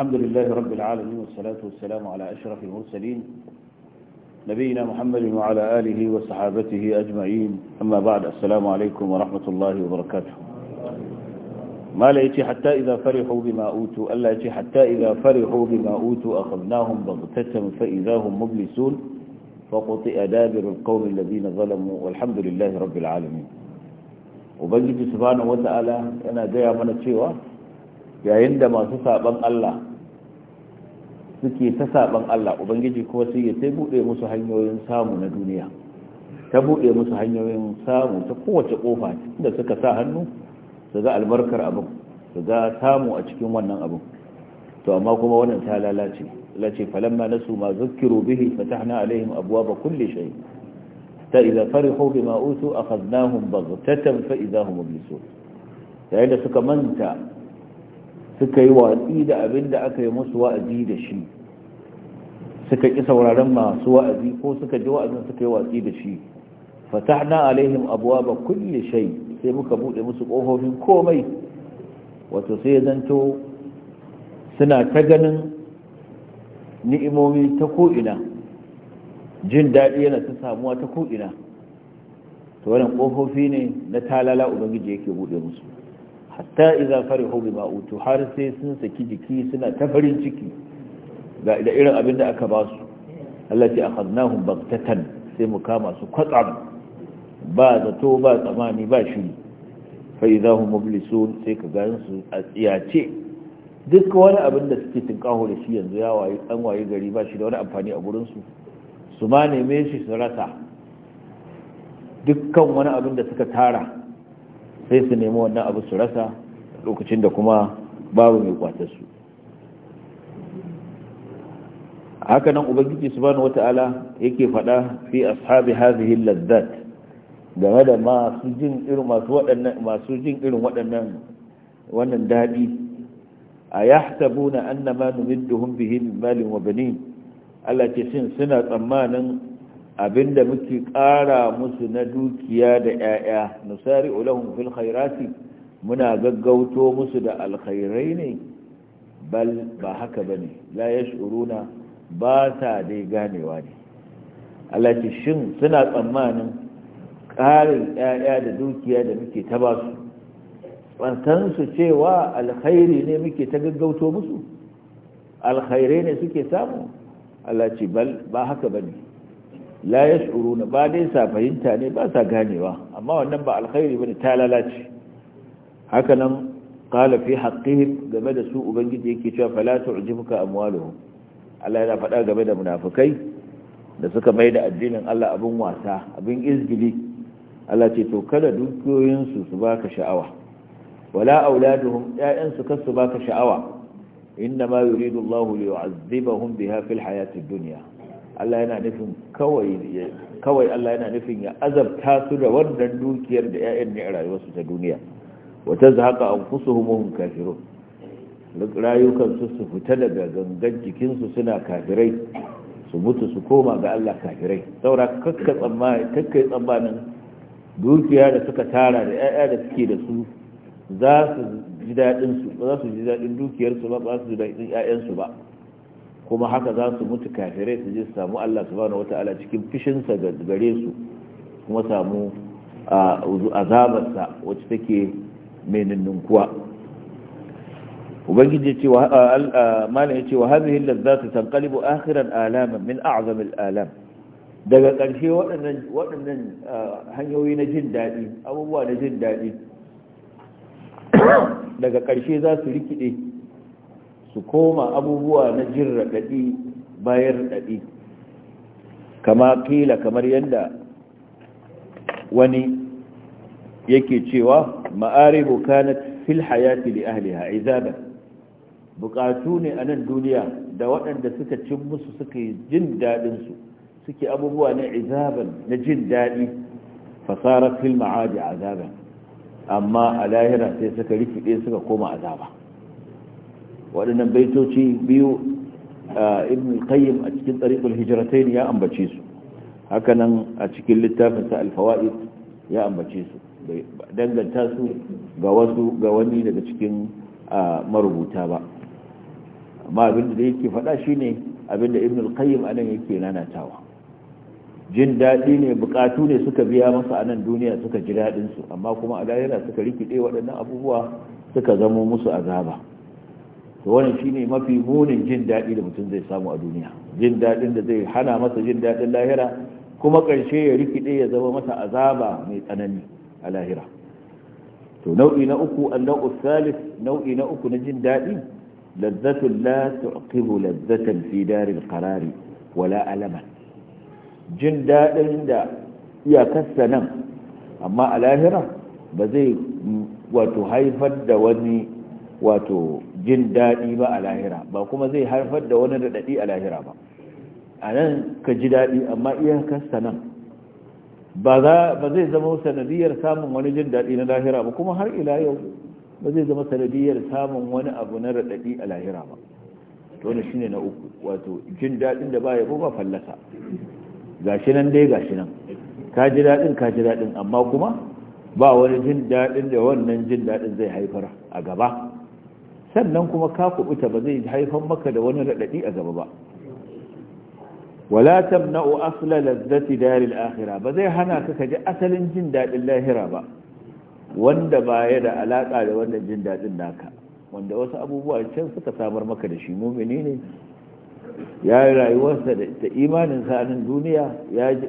الحمد لله رب العالمين والصلاة والسلام على أشرف المرسلين نبينا محمد وعلى آله وصحابته أجمعين أما بعد السلام عليكم ورحمة الله وبركاته ما لا حتى إذا فرحوا بما أوتوا ألا يتي حتى إذا فرحوا بما أوتوا أخذناهم بغتة فإذا هم مبلسون فقطئ دابر القوم الذين ظلموا والحمد لله رب العالمين وبنجي سبحانه وتعالى أنا دي من الشيوة يا عندما masu saban suke ta saban Allah ubangiji kuma sai ya sai bude musu hanyoyin samu na duniya ta buɗe musu hanyoyin samu ta kowace kofa da suka sa hannu su ga albarkar abin su ga samu a cikin wannan abin to amma kuma wannan ta lalace lalace falamma nasu ma zukkiru bihi fatahna alaihim abwaaba kulli shay ta idza farihu bima utu akhadnahum baghtatan fa idza hum mublisun yayin da suka manta suka yi watsi da abin da aka yi musu wa'azi da shi suka ƙi sauraron masu wa'azi ko suka ji wa'azin suka yi watsi da shi fatahna alaihim abuwa ba kulle shai sai muka buɗe musu ƙofofin komai wato sai zanto suna ta ganin ni'imomi ta ko'ina jin daɗi yana ta samuwa ta ko'ina to wannan ƙofofi ne na talala ubangiji yake buɗe musu hatta iza farihu bima utu har sai sun saki jiki suna ta farin ciki ga da irin abin da aka ba su allati akhadnahum baghtatan sai mu kama su kwatsam ba zato ba tsamani ba shiri fa iza hum mublisun sai ka ga su a tsiyace duk wani abin da suke tinkaho da shi yanzu ya waye an waye gari ba shi da wani amfani a gurin su su ma neme shi su rasa dukkan wani abin da suka tara sai su nemi wannan abu su rasa lokacin da kuma babu mai su haka nan ubangiji subhanahu wata'ala yake fada fi ashabi hadhihi lazzat game da masu jin irin masu waɗannan masu jin irin waɗannan wannan dadi ayahsabuna annama numidduhum bihi min malin wa banin Allah ce shin suna tsammanin abinda muke ƙara musu na dukiya da ‘ya'ya nasari ulahun fil khairati muna gaggauto musu da alkhairai ne bal ba haka ba ne la ya ba ta dai ganewa ne alati shin suna tsammanin ƙarin ‘ya'ya da dukiya da muke ta ba su su cewa alkhairi ne muke ta gaggauto musu alkhairai ne suke samu alaci bal ba haka ba ne la yash'uruna ba dai sa fahimta ne ba sa ganewa amma wannan ba alkhairi bane ta lalace haka nan qala fi haqqihim game da su ubangiji yake cewa fala tu'jibuka amwaluhum Allah yana faɗa game da munafukai da suka mai da addinin Allah abin wasa abin izgili Allah ce to kada dukiyoyinsu su baka sha'awa wala auladuhum ƴaƴansu kar su baka sha'awa inna ma yuridu allahu li yu'azzibahum biha fil hayatid dunya Allah yana nufin kawai Allah yana nufin ya azabta su da wannan dukiyar da ƴaƴan ne a rayuwarsu ta duniya wa haka an kusa kafirun rayukan su su fita daga gangan jikinsu su suna kafirai su mutu su koma ga Allah kafirai saura kakkai tsammanin dukiya da suka tara da ƴaƴa da suke da su za su ji dadin su ba za su dukiyar su ba su ji dadin ba kuma haka za su mutu kafirai su je su samu Allah subhanahu wata'ala cikin ga gare su kuma samu azabarsa wacce take mai ninninkuwa ubangiji wa malam ya ce wa hadhihi ladzatu tanqalibu akhiran alama min a'zam al-alam daga ƙarshe waɗannan waɗannan hanyoyi na jin daɗi abubuwa na jin daɗi daga karshe za su rikide su koma abubuwa na jirra raɗaɗi bayan raɗaɗi kama kila kamar yadda wani yake cewa ma'aribu kanat fil hayati li ahliha izaba buƙatu ne a nan duniya da waɗanda suka cin musu suka yi jin daɗinsu suke abubuwa na izaban na jin daɗi fasarar fil ma'adi azaban amma a lahira sai suka rikide suka koma azaba waɗannan baitoci biyu ibn qayyim a cikin tariqul hijratain ya ambace su hakanan a cikin littafin sa al ya ambace su danganta su ga wasu ga wani daga cikin marubuta ba amma abin da yake faɗa shine abin da ibn al-qayyim anan yake nanatawa jin daɗi ne buƙatu ne suka biya masa a nan duniya suka ji daɗinsu amma kuma a lahira suka rikide waɗannan abubuwa suka zamo musu azaba to wannan shine mafi munin jin daɗi da mutum zai samu a duniya jin daɗin da zai hana masa jin daɗin lahira kuma ƙarshe ya rikide ya zama masa azaba mai tsanani a lahira to nau'i na uku annau salis nau'i na uku na jin daɗi lazzatul la tuqibu lazzatan fi daril qarari wala alaman jin daɗin da iyakarsa nan amma a lahira ba zai mm, wato haifar da wani wato jin daɗi ba a lahira ba kuma zai haifar da wani daɗaɗi a lahira ba a nan ka ji daɗi amma iyakarsa nan ba zai zama sanadiyar samun wani jin daɗi na lahira ba kuma har ila yau ba zai zama sanadiyar samun wani abu na raɗaɗi a lahira ba to ne shine na uku wato jin daɗin da ba ya ba fallasa shi nan dai shi nan ka ji daɗin ka ji daɗin amma kuma ba wani jin daɗin da wannan jin daɗin zai haifar a gaba sannan kuma ka kubuta ba zai haifar maka da wani raɗaɗi a gaba ba wala tamna'u asla lazzati daril akhirah ba zai hana ka kaji asalin jin dadin lahira ba wanda baya da alaka da wannan jin dadin naka wanda wasu abubuwa can suka samar maka da shi mumini ne ya yi rayuwarsa da imanin sa nan duniya ya ji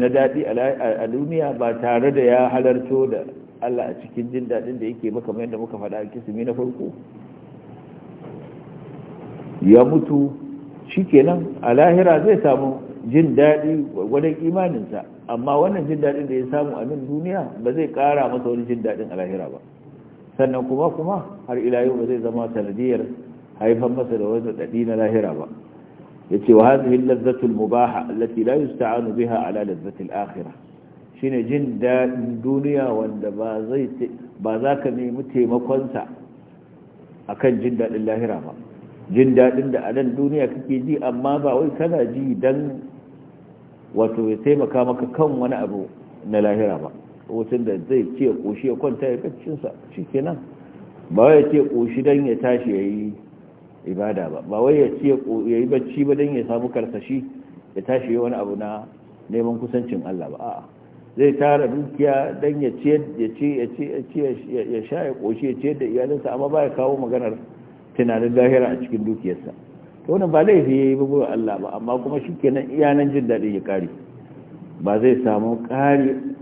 na dadi a duniya ba tare da ya halarto da Allah a cikin jin daɗin da yake maka da muka faɗa a kisimi na farko ya mutu shi kenan a lahira zai samu jin daɗi gwadon imaninsa amma wannan jin daɗin da ya samu a nan duniya ba zai ƙara masa wani jin daɗin a lahira ba sannan kuma kuma har ila ba zai zama sanadiyar haifan masa da wani daɗi na lahira ba ya ce wa hazihin lazzatul mubaha allati la yusta'anu biha ala lazzatil akhirah shine jin daɗin duniya wanda ba za ka nemi taimakonsa a kan jin daɗin lahira ba jin daɗin da a nan duniya kake ji amma ba wai kana ji don wato ya taimaka maka kan wani abu na lahira ba hutun da zai ce ƙoshi ya kwanta ya kacinsa shi kenan ba wai ya ce ƙoshi don ya tashi ya yi ibada ba ba wai ya ce ya yi bacci ba don ya samu karsashi ya tashi ya wani abu na neman kusancin Allah ba a'a zai tara dukiya don ya ce ya ce ya sha ya ƙoshi ya ce da iyalinsa amma ba ya kawo maganar tunanin lahira a cikin dukiyarsa ta wani ba laifi ya yi bugu Allah ba amma kuma shi kenan iyanan jin daɗin ya ƙari ba zai samu ƙari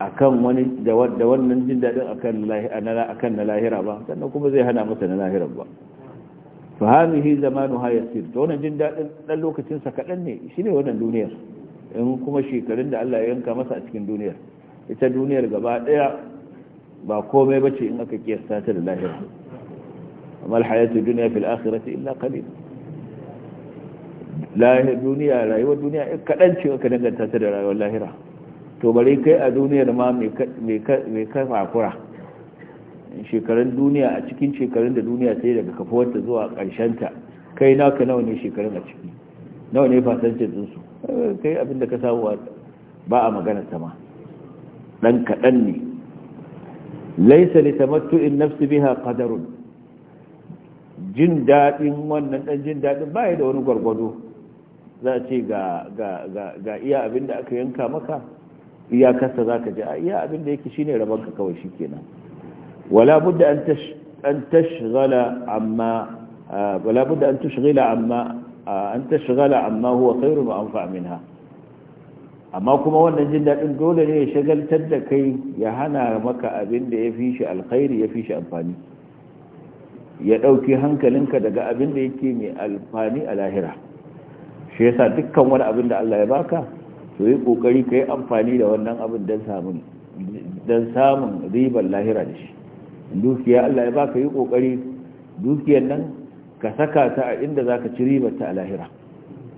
a kan wani da wannan jin daɗin a kan na lahira ba sannan kuma zai hana masa na lahira ba fahimihi zamanu hayasir ta wannan jin daɗin ɗan lokacinsa kaɗan ne shi ne wannan duniyar in kuma shekarun da Allah ya yanka masa a cikin duniyar ita duniyar gaba daya ba komai bace in aka kiyasta ta da lahira amma alhayatu duniya fil akhirati illa qalil lahira duniya rayuwar duniya kadan ce aka danganta ta da rayuwar lahira to bari kai a duniyar ma mai mai kura. shekarun duniya a cikin shekarun da duniya sai daga kafuwarta zuwa ta kai naka nawa ne shekarun a ciki nawa ne fasancin su ka yi da ka samu ba a maganar ta ma ɗan kaɗan ne laisa li tamattu'in nafsi biha qadarun jin daɗin wannan ɗan jin daɗin ba da wani gwargwado za a ce ga iya abin da aka yanka maka iyakarsa za ka ji a iya abinda yake shine rabanka kawai shi kenan wala budda an tashghala amma ah, wala budda an tashghila amma an ta shigala amma huwa khairu wa anfa minha amma kuma wannan jin daɗin dole ne ya shagaltar da kai ya hana maka abin da ya fi shi alkhairi ya fi shi amfani ya ɗauki hankalinka daga abin da yake mai alfani a lahira shi yasa dukkan wani abin da Allah ya baka to yi kokari ka yi amfani da wannan abin don samun don samun ribar lahira da shi dukiya Allah ya baka yi kokari dukiyar nan ka saka ta a inda za ka ci ribar ta a lahira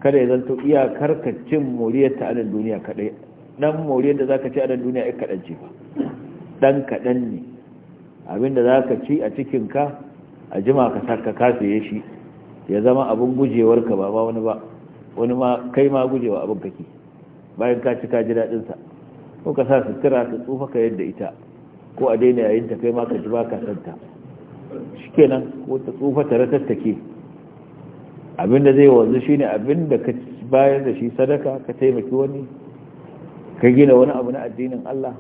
kada ya zanto iyakar ka cin moriyar ta a nan duniya kaɗai dan moriyar da za ka ci a duniya ai kaɗan ce ba ɗan kaɗan ne abinda za ka ci a cikinka a jima ka saka kasaye shi ya zama abin gujewar ka ba wani ba wani ma kai ma gujewa abin kake bayan ka ci ka ji daɗinsa ko ka sa sutura ka tsufa ka yadda ita ko a daina yayin ta kai ma ka ji ba ka santa shikenan ko ta tsufa ta ratattake abinda zai wanzu shine da ka bayar da shi sadaka ka taimaki wani ka gina wani abu na addinin Allah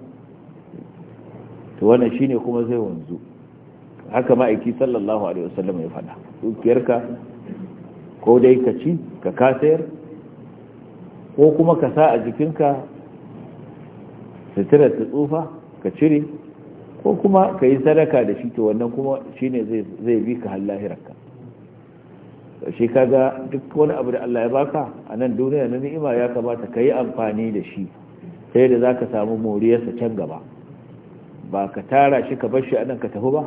to wannan shine kuma zai wanzu haka ma'aiki sallallahu alaihi wasallam ya faɗa dukiyarka ko dai ka ci ka kasayar ko kuma ka sa a jikinka sutura ta tsufa ka cire ko kuma ka yi sadaka da shi to wannan kuma shi ne zai bi ka hallahirarka shi kaga duk wani abu da Allah ya baka a nan duniya na ni'ima ya kamata ka yi amfani da shi sai da za ka samu moriyarsa can gaba ba ka tara shi ka bar shi a nan ka tafi ba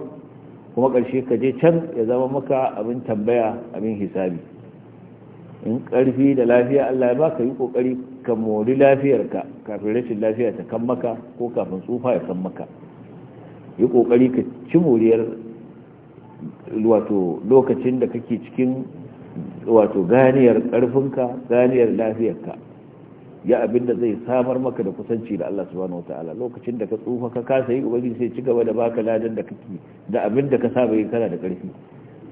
kuma ƙarshe ka je can ya zama maka abin tambaya abin hisabi in ƙarfi da lafiya Allah ya baka yi ƙoƙari ka mori lafiyarka kafin rashin lafiya ta kan maka ko kafin tsufa ya kan maka yi kokari ka ci moriyar wato lokacin da kake cikin wato ganiyar karfinka ganiyar lafiyarka ya abin da zai samar maka da kusanci da Allah subhanahu wataala lokacin da ka tsufa ka kasa yi ubangi sai ci gaba da baka ladan da kake da abin da ka saba yi kana da karfi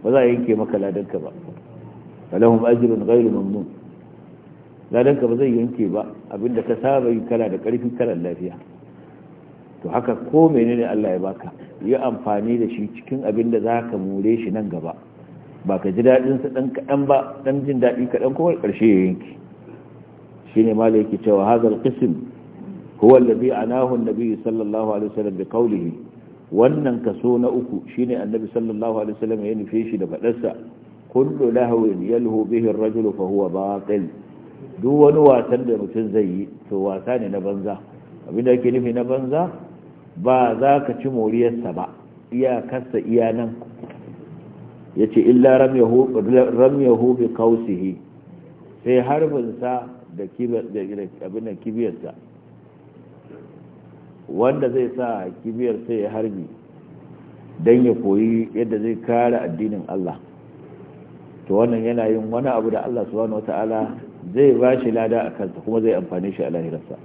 ba za a yanke maka ladan ka ba falahum ajrun ghayru mamnun ladan ka ba zai yanke ba abin da ka saba yi kana da karfi kana lafiya to haka ko menene Allah ya baka yi amfani da shi cikin abin da ka more shi nan gaba ba ka ji daɗin sa dan kaɗan ba ɗan jin daɗi kaɗan kuma ƙarshe ya yanki shine malai yake cewa hazal qism huwa alladhi a an-nabi sallallahu alaihi wasallam da qawlihi wannan kaso na uku shine annabi sallallahu alaihi wasallam ya nufe shi da fadarsa kullu lahwin yalhu bihi ar-rajulu fa huwa batil duk wani wasan da mutum zai yi to wasa ne na banza abinda yake nufi na banza ba za ka ci moriyarsa ba iyakarsa iya nan ya ce illa ramyahu bi kausihi sai harbinsa da abin da kibiyarsa wanda zai sa kibiyar sai ya harbi don ya koyi yadda zai kare addinin Allah to wannan yana yin wani abu da Allah subhanahu wata'ala zai ba shi lada a kansa kuma zai amfani shi a lahirarsa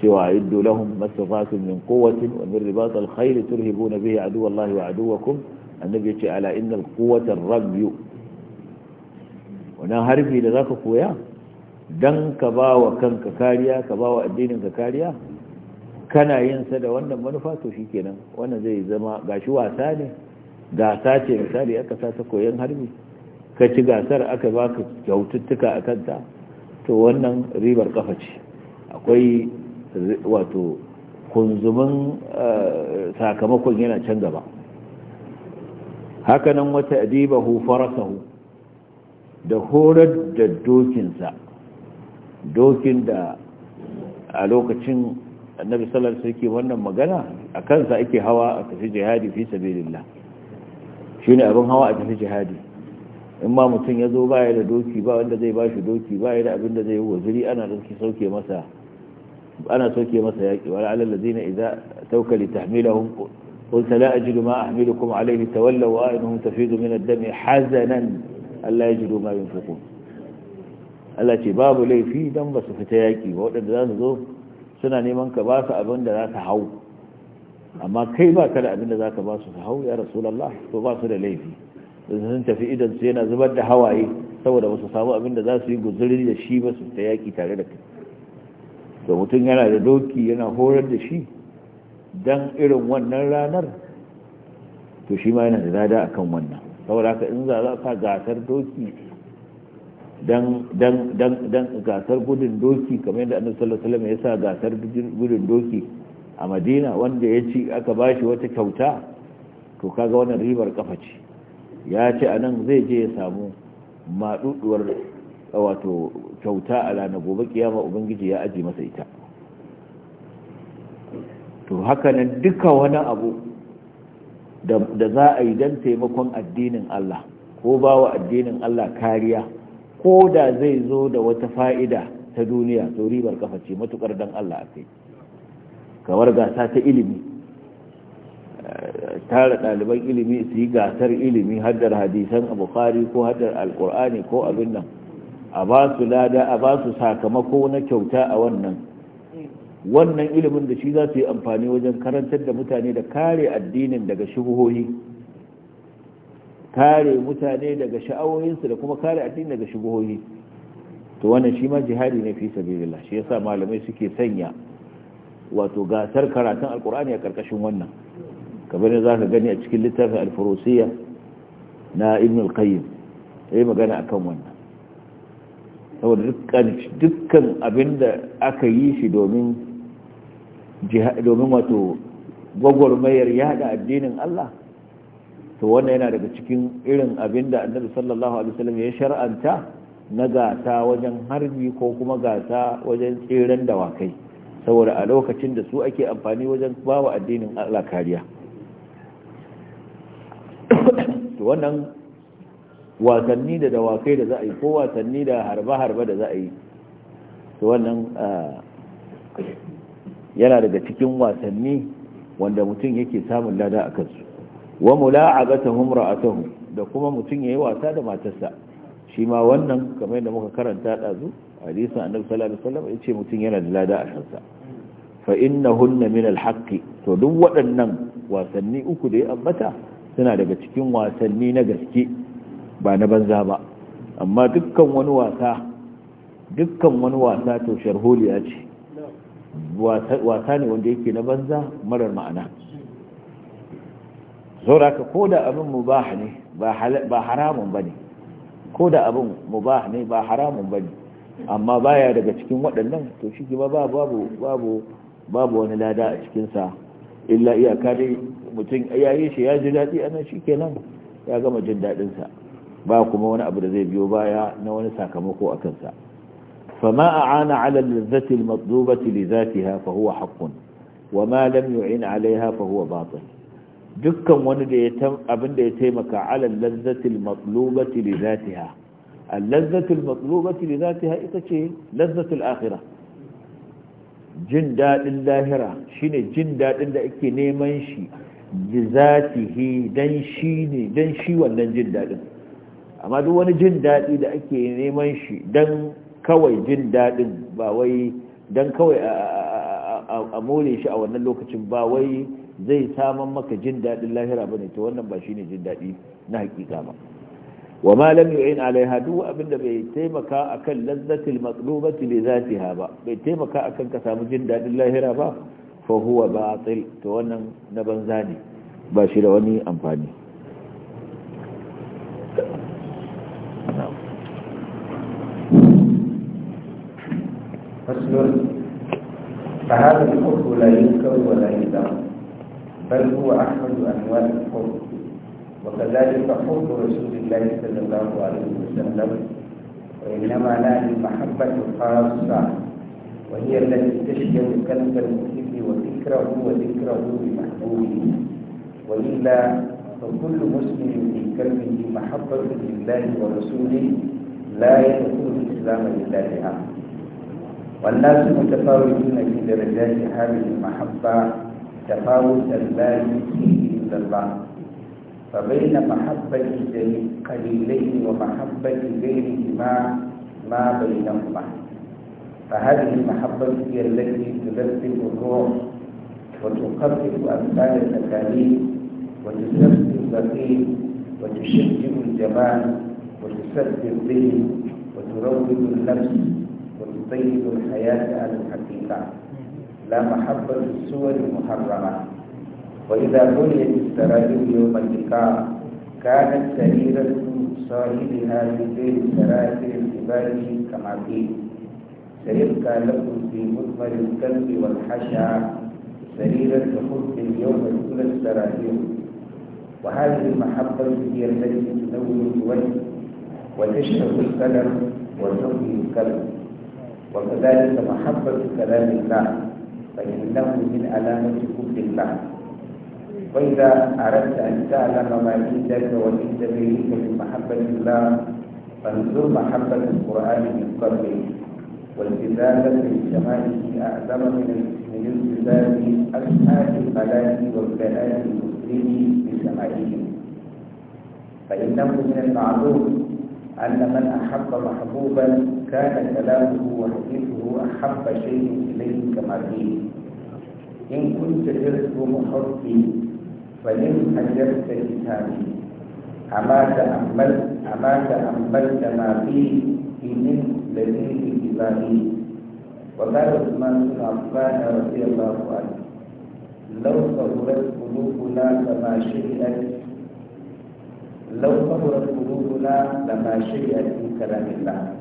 cewa yuddu lahum mastafatun min quwwatin wa min ribat al-khayl turhibuna bihi aduwallahi wa kun annabi yace ala innal quwwata ar-ramy wannan harbi da zaka koya dan ka wa kanka kariya ka bawa addinin ka kariya kana yin sa da wannan manufa to kenan wannan zai zama gashi wasa ne gasa ce misali aka sa ta koyon harbi ka ci gasar aka baka kyaututtuka a kanta to wannan ribar kafa ce akwai wato kunzumin eh, sakamakon yana can gaba haka nan wata adibahu farasahu da horar da dokinsa dokin da a lokacin annabi sallallahu alaihi wannan magana a kansa ake hawa a tafi jihadi fi sabilillah shine abin hawa a tafi jihadi in ma mutum ya zo baya da doki ba wanda zai bashi doki baya da abin da zai yi waziri ana da sauke masa ana sauke masa yaƙi wa la'alar da zina a taukali ta hamila hun a hamila kuma alaihi ta walla wa a inu ta fizu min Allah ya jiru ma yin fuku Allah ce babu laifi don ba fita yaƙi ba waɗanda za su zo suna neman ka ba su za ka hau amma kai ba ka da abin da za ka ba su ka hau ya rasu to ba su da laifi da sun tafi idan su yana zubar da hawaye saboda ba su samu abin da za su yi guzuri da shi ba su fita yaƙi tare da kai da mutum yana da doki yana horar da shi don irin wannan ranar to shi ma yana da lada akan wannan saboda haka in za a sa gasar doki don gasar gudun doki kamar yadda annabi sallallahu alaihi wasallam ya sa gasar gudun doki a madina wanda ya ci aka bashi wata kyauta to kaga wannan ribar kafa ce ya ce anan zai je ya samu maɗuɗuwar wato kyauta a ranar gobe kiyama ubangiji ya aji masa ita to haka nan duka wani abu da za a yi don taimakon addinin Allah ko ba wa addinin Allah kariya ko da zai zo da wata fa'ida ta duniya to ribar kafa ce matukar don Allah a kai kamar gasa ta ilimi eh, tara ɗaliban ilimi su yi gasar ilimi haddar hadisan abu ko haddar alkur'ani ko abin nan a ba su lada a ba su sakamako na kyauta a wannan wannan ilimin da shi za su yi amfani wajen karantar da mutane da kare addinin daga shubuhohi kare mutane daga sha'awoyinsu da kuma kare addinin daga shubuhohi to wannan shi ma jihadi ne fi sabilillah shi yasa malamai suke sanya wato gasar karatun alkur'ani a karkashin wannan kamar ne za ka gani a cikin littafin alfurusiyya na ibn al-qayyim yayi magana akan wannan saboda dukkan abin da aka yi shi domin wato gwagwarmayar yada addinin Allah to wannan yana daga cikin irin abin da annabi sallallahu alaihi wasallam ya shar'anta na gata wajen harbi ko kuma gata wajen tseren dawakai saboda a lokacin da su ake amfani wajen bawa addinin Allah kariya to wannan wasanni da dawakai da za a yi ko wasanni da harba-harba da za a yi to wannan yana daga cikin wasanni wanda mutum yake samun lada a kansu wa a ra'atuhum da kuma mutum yayi wasa da matarsa shi ma wannan kamar yadda muka karanta dazu hadisin annabi sallallahu alaihi wasallam ce mutum yana da lada a kansa fa hunna min alhaqqi to duk waɗannan wasanni uku da ya ambata suna daga cikin wasanni na gaske ba na banza ba amma dukkan wani wasa dukkan wani wasa to sharholiya ce wasa ne wanda yake na banza marar ma'ana sauraka ko da abin mubah ne ba haramun ba ne ko da abin mubah ne ba haramun ba ne amma baya daga cikin waɗannan to shi ba babu wani lada a cikinsa illa iyaka dai mutum ya yi shi ya ji daɗi a nan shi kenan ya gama jin daɗinsa ba kuma wani abu da zai biyo baya na wani sakamako a kansa فما أعان على اللذة المطلوبة لذاتها فهو wa وما لم يعين عليها فهو باطل dukkan wani da ya abin da ya taimaka ala lazzatil matlubati li zatiha allazzatil matlubati li zatiha ita ce lazzatul akhirah jin dadin lahira shine jin daɗin da ake neman shi li zatihi dan shi wannan jin daɗin. amma duk wani jin daɗi da ake neman shi don kawai jin daɗin ba wai don kawai a more shi a wannan lokacin ba wai zai saman maka jin daɗin lahira ba ne to wannan ba shi ne jin daɗi na hakika ba wa ma lam yu'in alaiha duk abinda bai taimaka akan lazzatil maqlubati li zatiha ba bai taimaka akan ka samu jin daɗin lahira ba fa huwa batil to wannan na banza ne ba shi da wani amfani فصل فهذا الحب لا ينكر ولا يدعو بل هو أحد أنواع الحب وكذلك حب رسول الله صلى الله عليه وسلم وإنما لا المحبة الخاصة وهي التي تشبه قلب المحب وفكره وذكره لمحبوبه وإلا فكل مسلم في قلبه محبة لله ورسوله لا يدخل الإسلام لله بها والناس متفاوتون في درجات هذه المحبة تفاوت البال فيه إلا الله فبين محبة قليلين ومحبة غيرهما ما بينهما فهذه المحبة هي التي تلذذ الروح وتخفف أمثال التكاليف وتسبب البخيل وتشجع الجمال وتسبب الذهن وتروض النفس والطيب الحياة على الحقيقة لا محبة السور المحرمة وإذا بنيت السرائر يوم اللقاء كانت سريرة صاحبها بين سرائر الجبال كما في سيبقى لكم في مثمر الكلب والحشا سريرة حب اليوم كل السرائر وهذه المحبة هي التي تنور الوجه وتشرب القلم وتغني القلب وكذلك محبة كلام الله فإنه من علامة كفر الله وإذا أردت أن تعلم ما عندك وعند غيرك من محبة الله فانظر محبة القرآن من قبله والتزامة لشماله أعظم من من التزام أشهاد الملائكة والكلام المسلمين بشمائله فإنه من المعلوم أن من أحب محبوبا كان كلامه وحديثه أحب شيء إليه كما فيه إن كنت حرص محبي فلم حجبت كتابي أما تأملت أما تأملت ما فيه من لديه كتابي وقال عثمان بن عفان رضي الله عنه لو صبرت قلوبنا لما شئت لو صبرت قلوبنا لما شئت من كلام الله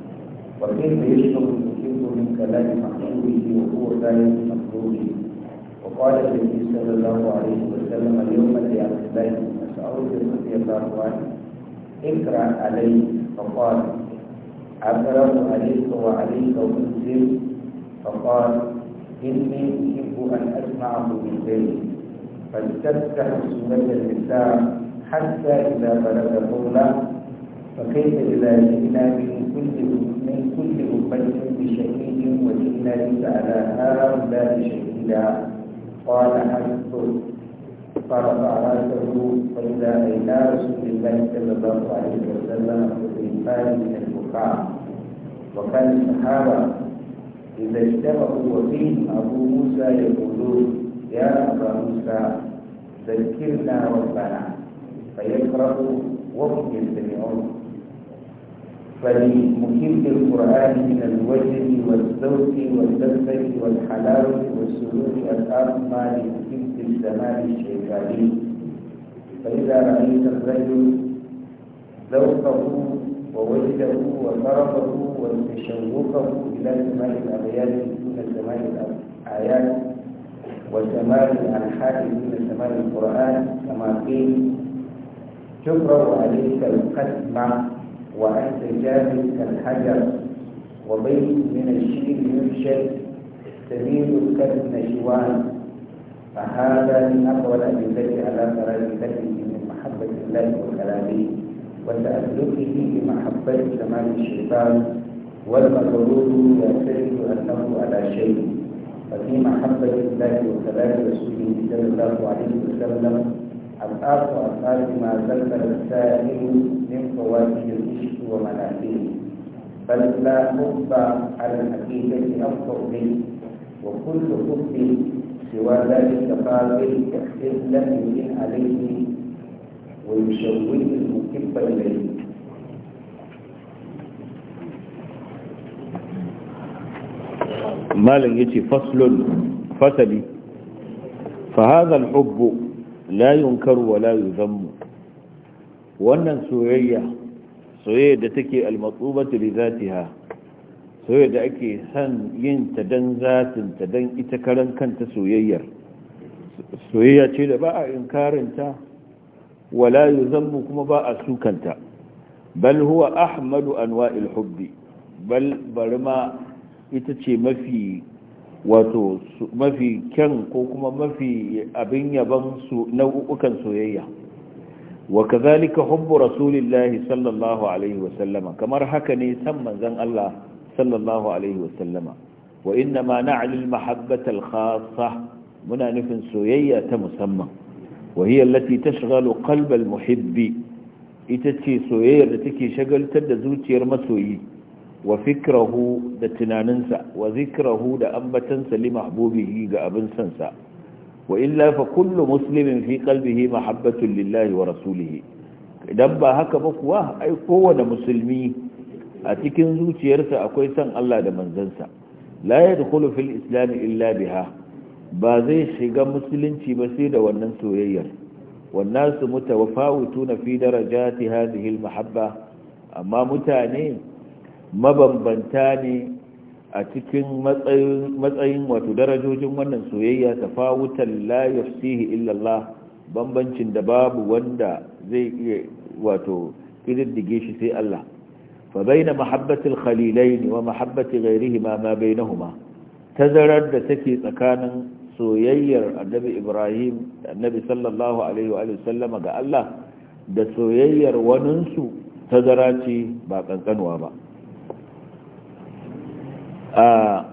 وكيف يشرب المحب من كلام محبوبه وهو كلام مكروهه وقال النبي صلى الله عليه وسلم اليوم لعبد الله بن مسعود رضي الله عنه اقرا عليه فقال اقرا عليك وعليك انزل فقال اني احب ان اسمعه من غيري فاستفتح سوره النساء حتى اذا بلغ قوله فكيف إذا جئنا من كل من كل أمة بشهيد وجئنا بك على هؤلاء شهيدا قال حدث فرفع راسه فإذا عينا رسول الله صلى الله عليه وسلم بالإنفاذ من البكاء وكان الصحابة إذا اجتمعوا وفيهم أبو موسى يقولون يا أبا موسى ذكرنا ربنا فيقرأ وهم يستمعون فلمحب القرآن من الوجد والذوق والدفه والحلاوة والسرور الأرض ما لمحب الزمان الشيطاني فإذا رأيت الرجل ذوقه ووجده وطرفه وتشوقه إلى سماع الأبيات دون سماع الآيات وسماع الانحاء دون سماع القرآن كما قيل شكرا عليك القسمة وأنت جاهز كالحجر وبيت من الشيب ينشد سبيل نشوان فهذا من أقوى الأدلة على فرائدته من محبة الله وكلامه وتألقه بمحبة زمان الشيطان والمغرور يعتقد أنه على شيء ففي محبة الله وكلام رسوله صلى الله عليه وسلم الآخر أبقاص ما زل السائل من فواكه العشق ومنافيه بل لا حب على الحقيقة أفضل منه وكل حب سوى ذلك قابل إذ لم يلين عليه ويشوه المحب إليه مالا يجي فصل فسدي فهذا الحب la yunkaru wa la yuzammu wannan soyayya soyayya da take almatsubatu li zatiha soyayya da ake san yin ta dan zatin ta dan ita karan kanta soyayyar soyayya ce da ba a inkarinta wa la yuzammu kuma ba a sukanta bal huwa ahmadu anwa'il hubbi bal barma ita ce mafi wato mafi kyan ko kuma mafi abin yaban su nau'ukan soyayya wa kazalika hubbu rasulillahi sallallahu alaihi wa sallama kamar haka ne san manzon Allah sallallahu alaihi wa sallama wa inna ma na'lil mahabbata al-khassa muna nufin soyayya ta musamman wa hiya allati tashghalu qalb muhibbi ita ce soyayyar da take shagaltar da zuciyar masoyi wa fikrahu da tunaninsa wa zikrahu da ambatansa li mahbubihi ga abin sansa wa illa fa kullu muslimin fi qalbihi mahabbatun lillahi wa rasulihi idan ba haka ba kuwa ai kowane musulmi a cikin zuciyarsa akwai san Allah da manzansa la yadkhulu fil islam illa biha ba zai shiga musulunci ba sai da wannan soyayyar والناس متوفاوتون في درجات هذه المحبة أما متانين mabambanta ne a cikin matsayin wato darajojin wannan soyayya tafawutan la sihi illallah bambancin da babu wanda zai iya wato kididdige shi sai Allah fa baina khalilai khalilain wa mahabbati ghairihima ma bainahuma tazarar da take tsakanin soyayyar annabi Ibrahim annabi sallallahu alaihi wa sallama ga Allah da soyayyar waninsu tazara ce ba kankanwa ba a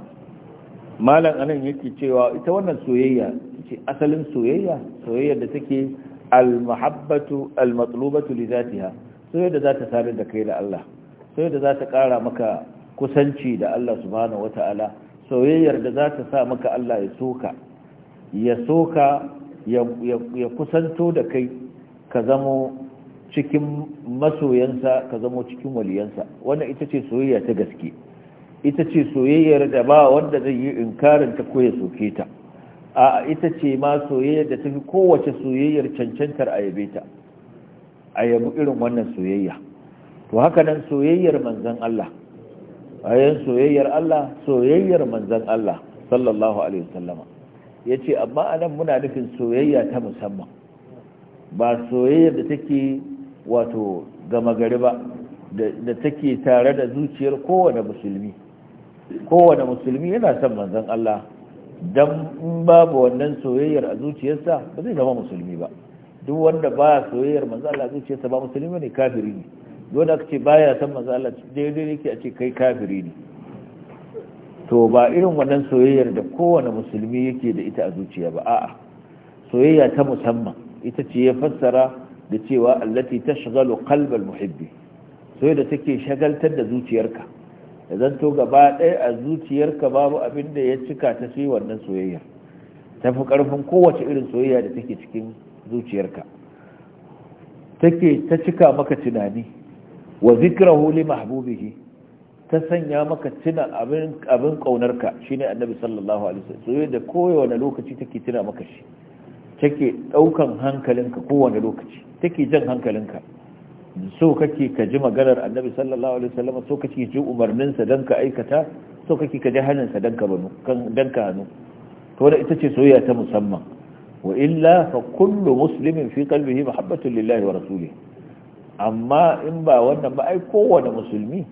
malam anan yake cewa ita wannan soyayya ce asalin soyayya soyayya da take al-mahabbatu al-matlubatu li zatiha soyayya da za ta da kai da Allah soyayya da za ta kara maka kusanci da Allah subhanahu wataala soyayyar da za ta sa maka Allah ya soka ya soka ya kusanto da kai ka zamo cikin masoyansa ka zamo cikin waliyansa wannan ita ce soyayya ta gaske ita ce soyayyar da ba wanda zai yi inkarin ta ko ya soke ta a ita ce ma soyayyar da ta fi kowace soyayyar cancantar a yabe ta a yabu irin wannan soyayya to haka nan soyayyar manzan Allah bayan soyayyar Allah soyayyar manzon Allah sallallahu alaihi Ya yace amma anan muna nufin soyayya ta musamman ba soyayyar da take wato gama gari ba da take tare da zuciyar kowane musulmi kowane musulmi yana son manzan Allah don in babu wannan soyayyar a zuciyarsa ba zai zama musulmi ba duk wanda baya soyayyar manzan Allah zuciyarsa ba musulmi ne kafiri ne dole aka ce baya son manzan Allah daidai ne ke a ce kai kafiri ne to ba irin wannan soyayyar da kowane musulmi yake da ita a zuciya ba a'a soyayya ta musamman ita ce ya fassara da cewa allati tashghalu qalbal muhibbi soyayya da take shagaltar da zuciyarka ya zanto gaba ɗaya a zuciyarka babu abin da ya cika ta sai wannan soyayya ta fi ƙarfin kowace irin soyayya da take cikin zuciyarka take ta cika maka tunani wa zikrahu huli mahbubihi ta sanya maka tuna abin ƙaunarka shi ne annabi sallallahu alaihi wasallam soyayya da kowane lokaci take tuna maka shi take ɗaukan hankalinka kowane lokaci take jan hankalinka so kake ka ji maganar annabi sallallahu alaihi wasallam so kake ji umarninsa don ka aikata so kake ka ji hannunsa don ka hannu to da ita ce soyayya ta musamman wa illa fa kullu muslimin fi qalbihi mahabbatu lillahi wa rasulihi amma in ba wannan ba ai musulmi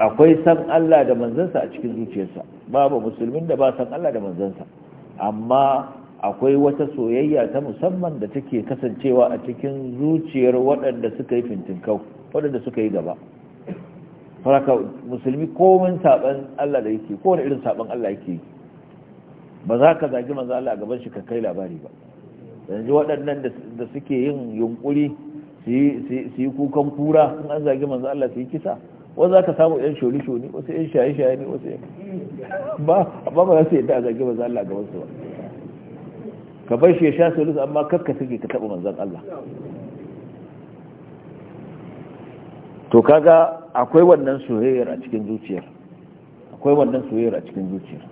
akwai san Allah da manzansa a cikin zuciyarsa babu musulmin da ba san Allah da manzansa amma akwai wata soyayya ta musamman da take kasancewa a cikin zuciyar waɗanda suka yi fintinkau waɗanda suka yi gaba faraka musulmi komin saban Allah da yake kowane irin saban Allah yake yi ba za ka zagi manzo Allah a gaban shi ka kai labari ba yanzu waɗannan da suke yin yunkuri su yi kukan kura in an zagi manzo Allah su yi kisa wasu za ka samu yan shoni shoni wasu yan shaye shaye ne wasu yan ba ba ba za su yadda a zagi manzo Allah a gaban su ba ka bar shi ya sha sulus amma kakka suke ka taɓa manzan Allah to kaga akwai wannan soyayyar a cikin zuciyar akwai wannan soyayyar a cikin zuciyar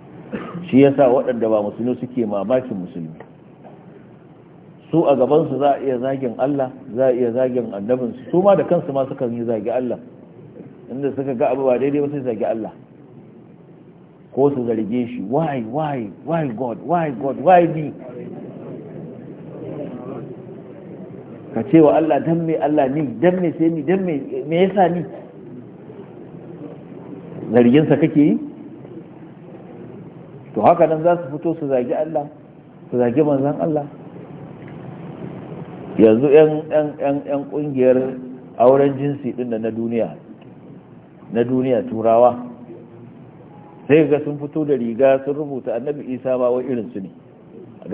shi yasa waɗanda ba musulmi suke mamakin musulmi su a gabansu za a iya zagin Allah za a iya zagin annabinsu su ma da kansu ma suka yi zagi Allah inda suka ga abu ba daidai ba sai zagi Allah ko su zarge shi why why why god why god why me ka ce wa Allah dan me Allah ni dan me sai ni dan me me yasa ni zargin sa kake yi to haka nan za su fito su zagi Allah su zagi manzon Allah yanzu yan yan yan yan kungiyar auren jinsi din da na duniya na duniya turawa sai ga sun fito da riga sun rubuta annabi isa ma wa irin su ne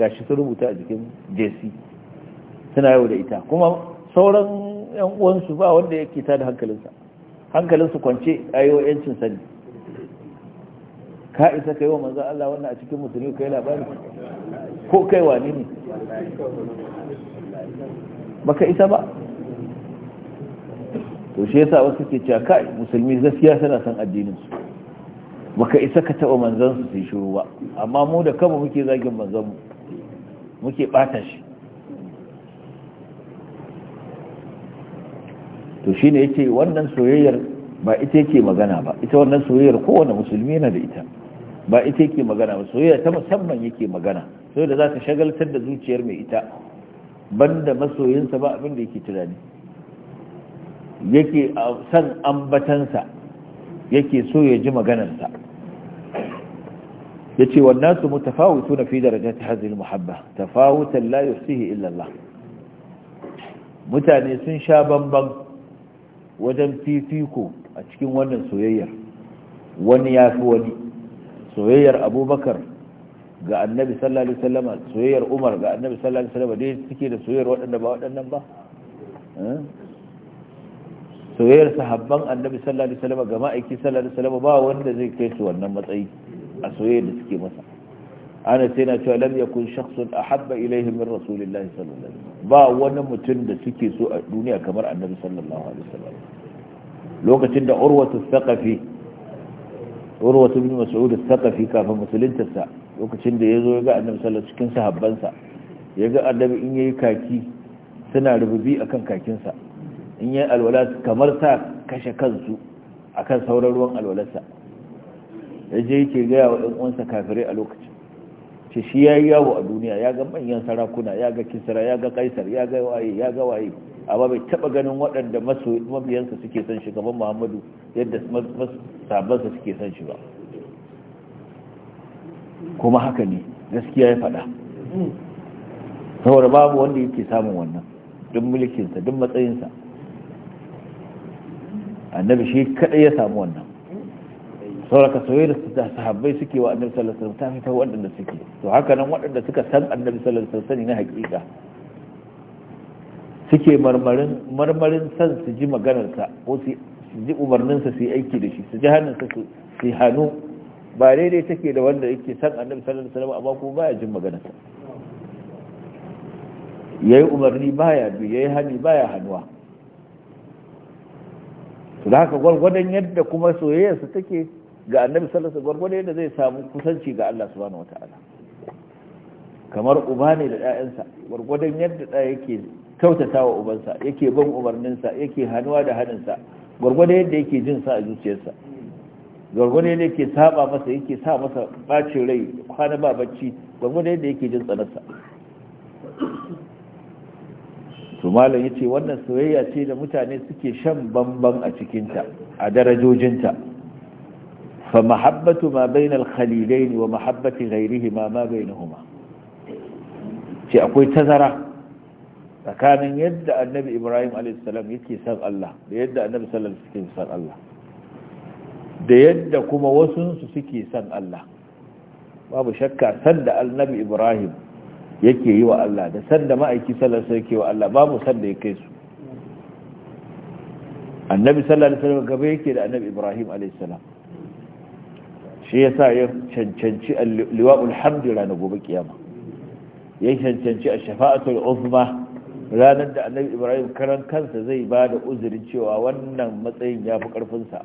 gashi sun rubuta a jikin jesi suna yau da ita kuma sauran yan uwansu ba wanda ya yake tada hankalinsa hankalinsu kwance ayo yancin sani ka isa kai wa manzon Allah wannan a cikin musulmi kai labari ko kai wani ne baka isa ba to shi yasa wasu ke cewa kai musulmi gaskiya suna son addinin su baka isa ka taɓa manzansu su yi shiru ba amma mu da kanmu muke zagin manzanmu muke ɓata shi to shine yace wannan soyayyar ba ita yake magana ba ita wannan soyayyar kowane musulmi yana da ita ba ita yake magana ba soyayya ta musamman yake magana sai da za ta shagaltar da zuciyar mai ita banda masoyinsa ba abin da yake tunani yake san ambatansa yake so ya ji maganarsa ya ce wannan su mutafawitu na fi darajar ta hazin muhabba tafawutan la yusihi illallah mutane sun sha bambam wajen fifiko a cikin wannan soyayyar wani ya fi wani soyayyar abubakar ga annabi sallallahu alaihi soyayyar umar ga annabi sallallahu alaihi wasallama dai suke da soyayyar waɗanda ba waɗannan ba eh? soyayyar sahabban annabi sallallahu alaihi ga ma'aiki sallallahu alaihi ba wanda zai kai su wannan matsayi a soyayyar da suke masa ana sai na cewa lam yakun shakhsun ahabba ilayhi min rasulillahi sallallahu alaihi wasallam ba wani mutum da suke so a duniya kamar annabi sallallahu alaihi wasallam lokacin da urwatu thaqafi urwatu ibn mas'ud thaqafi kafin musuluntarsa lokacin da yazo ya ga annabi sallallahu cikin sahabbansa ya ga annabi in yayi kaki suna rububi akan kakinsa in yayi alwala kamar sa kashe kansu akan sauran ruwan alwalarsa yaje yake ga wa ɗan uwansa kafirai a lokacin ce shi ya yi yawo a duniya ya ga manyan sarakuna ya ga kisra ya ga kaisar ya ga waye ya ga waye amma bai taba ganin waɗanda mabiyansa suke son shi gaban muhammadu yadda sabansa suke son shi ba kuma haka ne gaskiya ya faɗa saboda babu wanda yake samun wannan duk mulkinsa duk matsayinsa annabi shi kaɗai ya samu wannan sauraka soyayyar da sahabbai suke wa annabi sallallahu alaihi wasallam ta waɗanda suke to haka nan waɗanda suka san annabi sallallahu alaihi wasallam na hakika suke marmarin marmarin san su ji maganarsa ko su ji umarninsa su yi aiki da shi su ji sa su su hanu ba daidai take da wanda yake san annabi sallallahu alaihi wasallam amma kuma baya jin maganarsa yayi umarni baya bi yayi hani baya hanuwa to da haka gwargwadon yadda kuma soyayyarsa take ga annabi sallallahu alaihi wasallam yadda zai samu kusanci ga Allah subhanahu wataala kamar uba ne da ƴaƴansa gwargwadon yadda ɗa yake kyautata wa ubansa yake bin umarninsa yake hannuwa da hannunsa gwargwadon yadda yake jin sa a zuciyarsa gwargwadon yadda yake saba masa yake sa masa bacin rai kwana ba bacci gwargwadon yadda yake jin tsanarsa to malam yace wannan soyayya ce da mutane suke shan bamban a cikinta a darajojinta fa mahabbatu ma bainal khalilaini wa mahabbati ghairihima ma bainahuma ce akwai tazara tsakanin yadda annabi ibrahim alaihissalam yake san Allah da yadda annabi sallallahu alaihi wasallam Allah da yadda kuma wasunsu suke san Allah babu shakka san da annabi ibrahim yake yi wa Allah da san da ma'aiki sallallahu alaihi wa Allah babu san da yake su annabi sallallahu alaihi gaba yake da annabi ibrahim alaihissalam shi ya sa ya cancanci liwa'ul hamdi ranar gobe kiyama ya cancanci a shafa'atul uzma ranar da annabi ibrahim karan kansa zai ba da uzurin cewa wannan matsayin ya fi karfinsa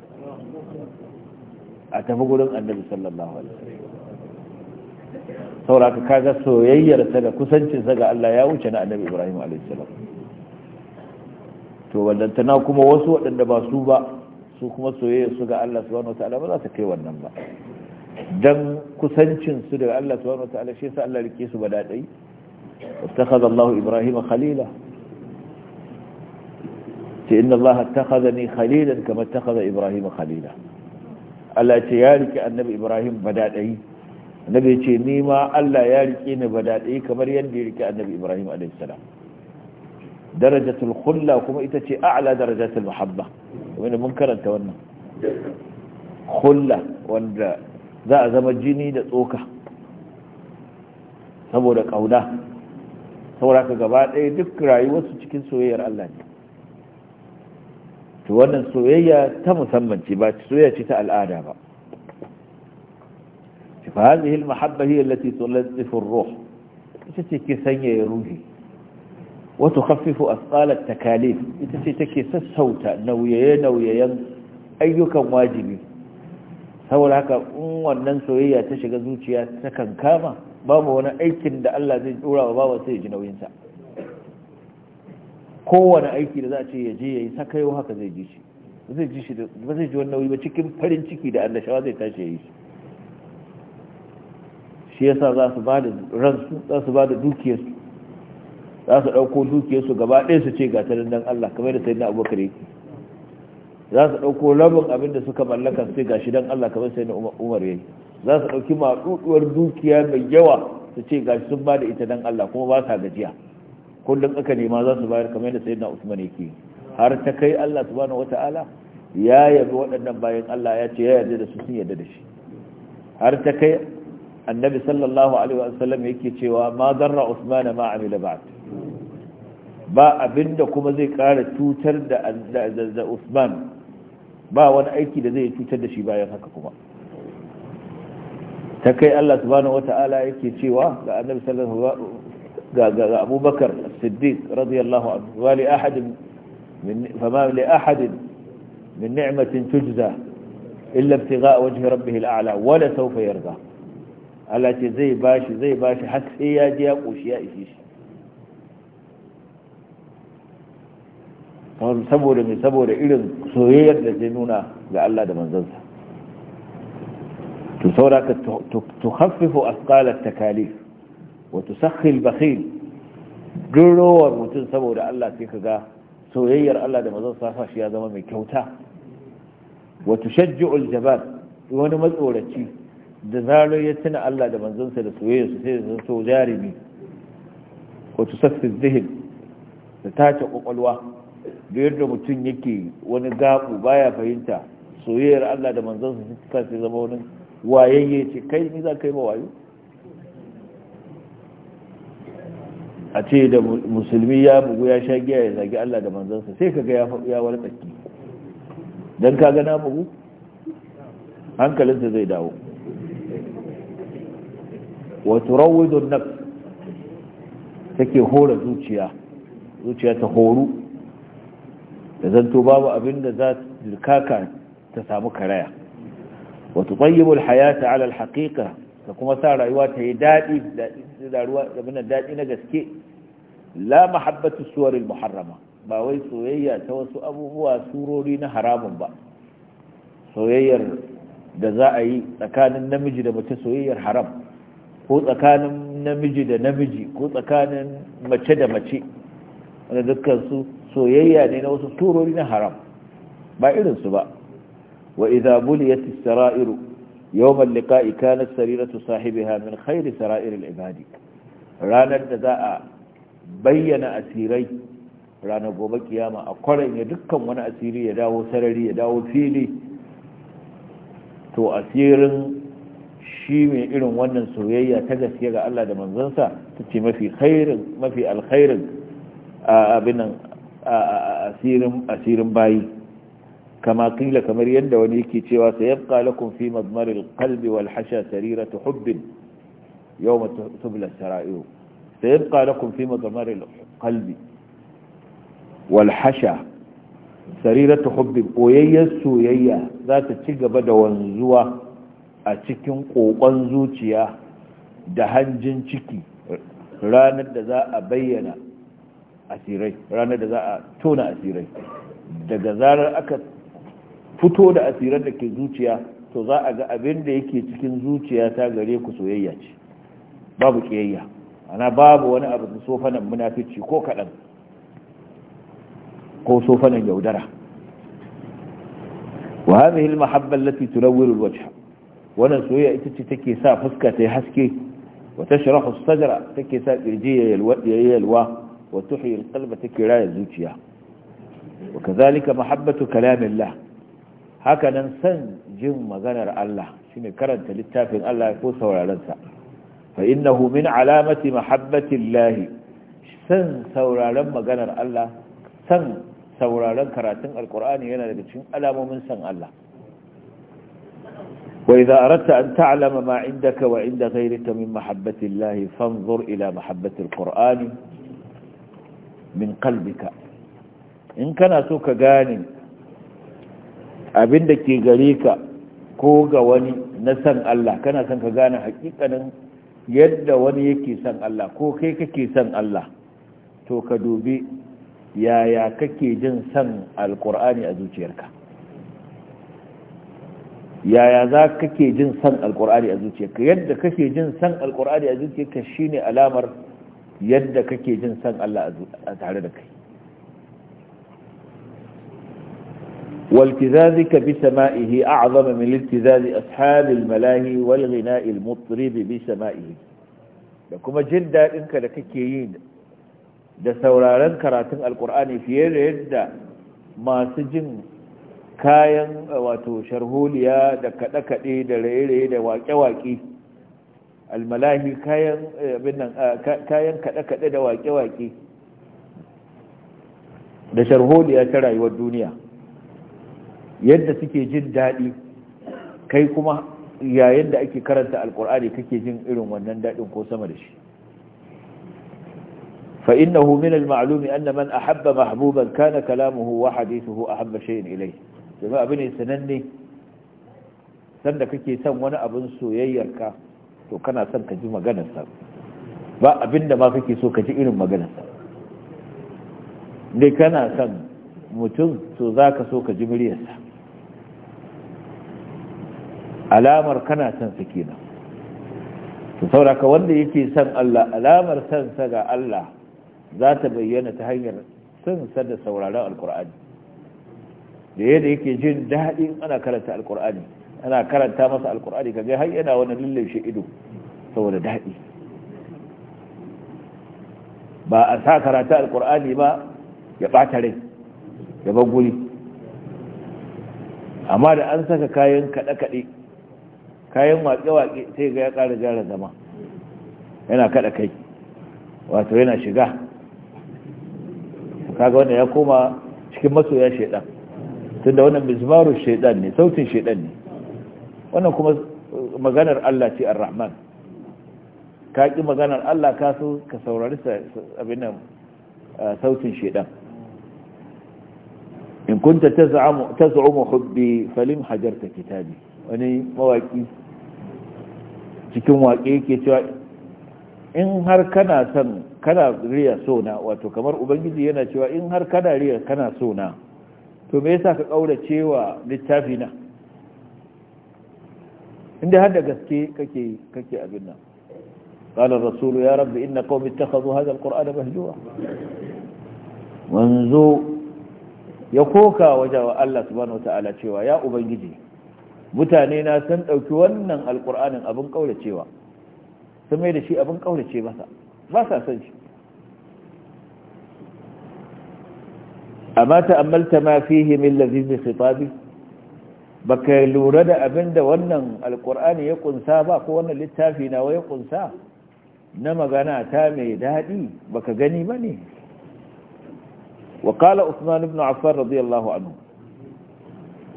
a tafi gudun annabi sallallahu alaihi sauraka kaga soyayyarsa da kusancinsa ga Allah ya wuce na annabi ibrahim alaihi salam to wallantana kuma wasu waɗanda ba su ba su kuma soyayya su ga Allah subhanahu wataala ba za ta kai wannan ba dan kusancin su daga Allah subhanahu wataala shi yasa Allah rike su badadai ittakhadha Allah Ibrahim khalila ce inna Allah ittakhadhani khalilan kama ittakhadha Ibrahim khalila Allah ce ya rike annabi Ibrahim badadai annabi ce ni ma Allah ya rike ni badadai kamar yadda ya rike annabi Ibrahim alaihi salam darajatul khulla kuma ita ce a'la darajatul muhabba wanda mun karanta wannan khulla wanda za a zama jini da tsoka saboda ƙauna saboda ka gaba ɗaya duk rayuwarsu cikin soyayyar Allah ne to wannan soyayya ta musamman ce ba soyayya ce ta al'ada ba fa hadhihi al-mahabba hiya allati tuladdifu ar-ruh ita ce ke sanyaya ruhi wa tukhaffifu athqal at-takalif ita ce take sassauta nauyaye nauyayen ayyukan wajibi saboda haka in wannan soyayya ta shiga zuciya ta kan kama babu wani aikin da Allah zai dora wa babu sai ya ji nauyinsa kowane aiki da za a ce ya je ya yi sakayo haka zai ji shi zai ji shi ba zai ji wani nauyi ba cikin farin ciki da annashawa zai tashi ya yi shi shi sa za su ba da ransu za su ba da dukiyarsu za su ɗauko dukiyarsu gaba ɗaya su ce ga tarin dan Allah kamar da sayyidina Abubakar yake za su ɗauko rabin abin da suka mallaka sai ga shi don Allah kamar sai na umar yayi za su ɗauki maɗuɗuwar dukiya mai yawa su ce ga sun ba da ita don Allah kuma ba sa gajiya kullum aka nema za su bayar kamar yadda sai na usman yake har ta kai Allah subhanahu wata'ala ya yabi waɗannan bayan Allah ya ce ya yarda da su sun yarda da shi har ta kai annabi sallallahu alaihi wa sallam yake cewa ma zarra usman ma amila ba'd ba abinda kuma zai kara cutar da Usman ba wani aiki da zai cutar da shi bayan haka kuma ta kai Allah subhanahu wata'ala yake cewa ga annabi sallallahu ga ga abubakar siddiq radiyallahu anhu wa li ahadin min fama li ahadin min ni'matin tujza illa ibtigha'a wajhi rabbih al'ala la sawfa yarda Allah ce zai bashi zai bashi har sai ya ji ya koshi ya ishi shi saboda mai saboda irin soyayyar da zai nuna ga Allah da manzansa to sauraka tukhaffifu asqalat takalif wa tusakhi al-bakhil durowar mutum saboda Allah sai kaga soyayyar Allah da manzansa sa shi ya zama mai kyauta wa tushajji'u jabal wani matsoraci da zarar ya tuna Allah da manzansa da soyayya sai ya so jarimi wa tusaffi al-dhihn da tace kwakwalwa da yadda mutum yake wani gaɓu baya fahimta soyayyar Allah da manzansa sun cika sai zama wani wayayye ce kai ni za ka yi mawayo a ce da musulmi ya bugu ya sha giya ya zagi Allah da manzansa sai kaga ya faɗi ya wani tsaki don ka gana bugu hankalinsa zai dawo wato don nan take hora zuciya zuciya ta horu da zanto babu abin da za kaka ta samu karaya wato tayyibul hayata ala alhaqiqa ka kuma sa rayuwa ta yi dadi daɗi na gaske la mahabbatu suwaril muharrama ba wai soyayya ta wasu abubuwa surori na haramun ba soyayyar da za a yi tsakanin namiji da mace soyayyar haram ko tsakanin namiji da namiji ko tsakanin mace da mace wanda dukkan su soyayya ne na wasu turori na haram ba irinsu ba wa iza buliyat as-sara'iru yawm al-liqa'i kanat sariratu sahibiha min khayri sara'ir ibadi ranar da za a bayyana asirai ranar gobe kiyama a kwarin ya dukkan wani asiri ya dawo sarari ya dawo fili to asirin shi mai irin wannan soyayya ta gaske ga Allah da manzansa ta ce mafi khairin mafi alkhairin abin asirin bayi kama kila kamar yadda wani yake cewa sai yabqa lakum fi madmar alqalbi wal hasha ta hubbin yawma tubla sara'ir sai yabqa lakum fi madmar alqalbi wal hasha ta hubbin koyayyar soyayya za ta ci gaba da wanzuwa a cikin kokon zuciya da hanjin ciki ranar da za a bayyana asirai ranar da za a tona asirai daga zarar aka fito da asirar da ke zuciya to za a ga abin da yake cikin zuciya ta gare ku soyayya ce babu kiyayya ana babu wani abu da sofanan munafici ko kaɗan ko sofanan yaudara wa hadhihi al-mahabba allati tunawwiru al wannan soyayya ita ce take sa fuska ta yi haske wa tashrahu as-sajra take sa kirji ya yalwa wa tuhyi ta take raya zuciya wa kazalika mahabbatu kalamillah haka nan san jin maganar Allah shine karanta littafin Allah ko sauraron sa fa innahu min alamati mahabbati Allah san sauraron maganar Allah san sauraron karatun alqur'ani yana daga cikin alamomin san Allah وإذا أردت أن تعلم inda عندك وعند غيرك من محبة الله فانظر إلى محبة القرآن min kalbika in kana so ka gane abin da ke gare ka ko ga wani na san Allah kana son ka gane hakikanin yadda wani yake san Allah ko kai kake san Allah to ka dubi yaya kake jin san alkur'ani a zuciyarka yaya za kake jin san alkur'ani a zuciyarka yadda kake jin san alkur'ani a zuciyarka shine alamar yadda kake jin san Allah a tare da kai والتزازك بسمائه أعظم من التزاز أصحاب الملاهي والغناء المطرب بسمائه لكما جدا إنك لككيين da sauraron karatun alkur'ani fiye da yadda masu jin kayan wato sharholiya da kaɗe-kaɗe da raye-raye da waƙe-waƙe almalahi eh, ah, kayan kaɗe-kaɗe da waƙe-waƙe da sharholiya ta rayuwar duniya yadda suke jin daɗi kai kuma yayin da ake karanta alkur'ani kake jin irin wannan daɗin ko sama da shi فإنه من المعلوم أن من أحب محبوبا كان كلامه وحديثه أحب شيء إليه جماعة بني سنني سنك كي سن وانا أبن سوييرك to kana son ka ji maganarsa ba abinda ma kake so ka ji irin maganarsa dai kana son mutum to za ka so ka ji muryarsa alamar kana son sa kenan to sauraka wanda yake son Allah alamar son sa ga Allah za ta bayyana ta hanyar son sa da sauraron alkur'ani da yadda yake jin daɗin ana karanta alkur'ani tana karanta masa alkur'ani kaga har yana wani shi ido saboda daɗi ba a sa karanta alkur'ani ba ya ɓata rai ya bar guri amma da an saka kayan kaɗe-kaɗe kayan waƙe-waƙe sai ga ya ƙara gyara zama yana kaɗa kai wato yana shiga kaga wanda ya koma cikin masoya shaidan tunda wannan mizmaru shaidan ne sautin shaidan ne wannan kuma maganar Allah ce ar-rahman ka ki maganar Allah ka so ka saurari abin nan sautin shedan in kunta taz'amu taz'umu hubbi falim hajarta kitabi wani mawaki cikin waƙe yake cewa in har kana son kana riya sona wato kamar ubangiji yana cewa in har kana riya kana sona to me yasa ka kaura cewa littafi na inda har da gaske kake kake abin nan قال الرسول يا رب إن قوم اتخذوا هذا القرآن مهجورا منذ يقوك وجاء الله سبحانه وتعالى شوى يا أبنجي متانينا سنأوك ونن القرآن أبن قولة شوى سميد شيء أبن قولة شيء بسا بسا سنش أما تأملت ما فيه من لذيذ خطابي baka lura da abin da wannan alkur'ani ya kunsa ba ko wannan littafi nawa ya kunsa na magana ta mai daɗi baka gani ba ne wa kala usman ibn affan radiyallahu anhu